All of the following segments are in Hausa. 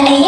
¡Gracias!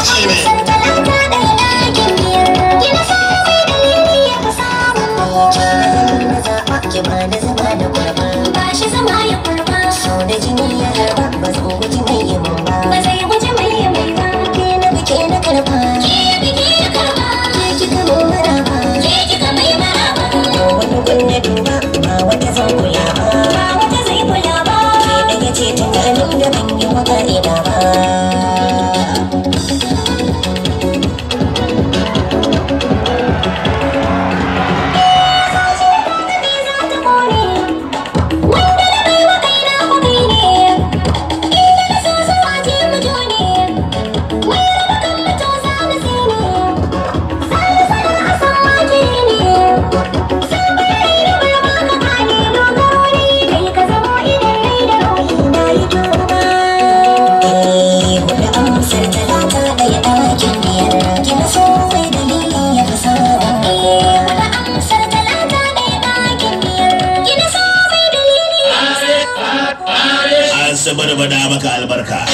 aiki ne Ki ba da su barbada maka albarka